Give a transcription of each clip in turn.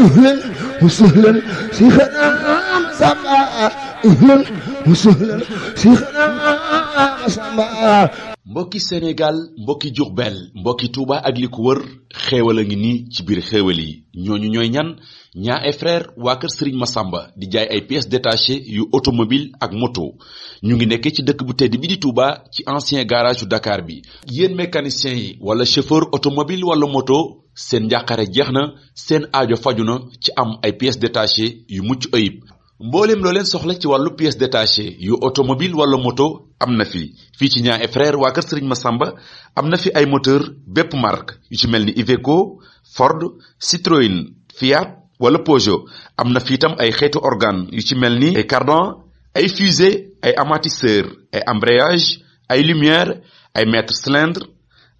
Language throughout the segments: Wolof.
أهلا وسهلا mbokki Sénégal mbokki Diourbel mbokki Touba ak li ko wër xéewal a ngi nii ci biir xéewal yi ñooñu ñooy ñan ñaa ay frère waa kër Serigne Massamba di jaay ay pièces détachées yu automobile ak moto ñu ngi nekkee ci dëkk bu tedd bi di Touba ci ancien garage yu Dakar bi yéen mécaniciens yi wala chauffeur automobile wala moto seen njàqare jeex na seen aajo faju na ci am ay pièces détachées yu mucc ayib mboolem loo soxla ci wàllu pièces détachées yu automobile wala moto am na fi fii ci Niang et Frères waa kër Serigne Massamba am na fi ay motor bépp marque yu ci mel ni Iveco Ford Citroën Fiat wala Peugeot am na fi itam ay xeetu organe yu ci mel ni ay cardan ay fusée ay amortisseur ay embrayage ay lumière ay mètre cylindre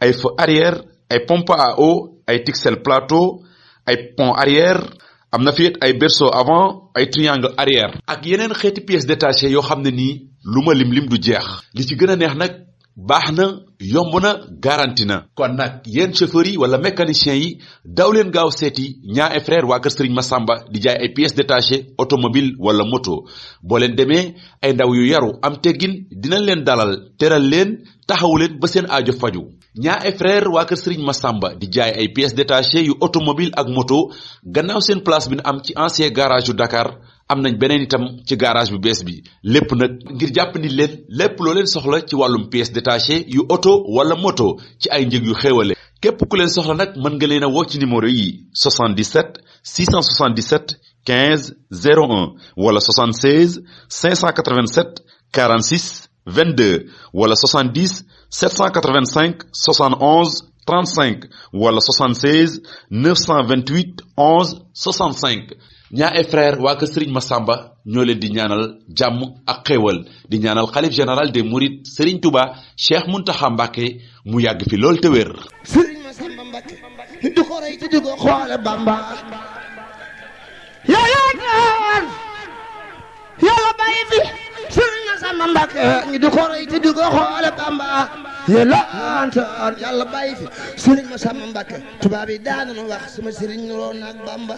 ay feu arrière ay pompe à eau ay tixel plateaux ay pont arrière am na fi it ay berceau avant ay triangle arrière. ak yeneen xeeti pièces détachées yoo xam ne nii lu ma lim lim du jeex. li ci gën a neex nag. baax na yomb na garanti na kon nag yéen chauffeurs yi wala mécaniciens yi daw leen gaaw seeti ñaa et waa kër ma Massamba di jaay ay pièces détachées automobile wala moto boo leen demee ay ndaw yu yaru am teggin dinañ leen dalal teral leen taxawu leen ba seen aajo faju ñaa et waa kër ma Massamba di jaay ay pièces détachées yu automobile ak moto gannaaw seen place bi nu am ci ancien garage yu Dakar am nañ beneen itam ci garage bu bees bi lépp nag ngir jàpp ni leen lépp loo soxla ci wàllum pièces détachées yu oto wala moto ci ay njëg yu xewale képp ku leen soxla nag mën nga leen a woo ci numéro yi 77 677 15 01 wala 76 587 46 22 wala 70 785 71 35 wala 76 928 11 65 ñaa et frère waa kër Serigne Massamba ñoo leen di ñaanal jàmm ak xéewal di ñaanal xalif général des Mourides Serigne Touba Cheikh Mountakha Mbacké mu yàgg fi lool te wér. ñi di ko roy te di ko xoole Bamba yelantoor yàlla bàyyi fi sëriñ ma sàmm Mbàkke tubaab a daanu wax sama sëriñ nuroon ak Bamba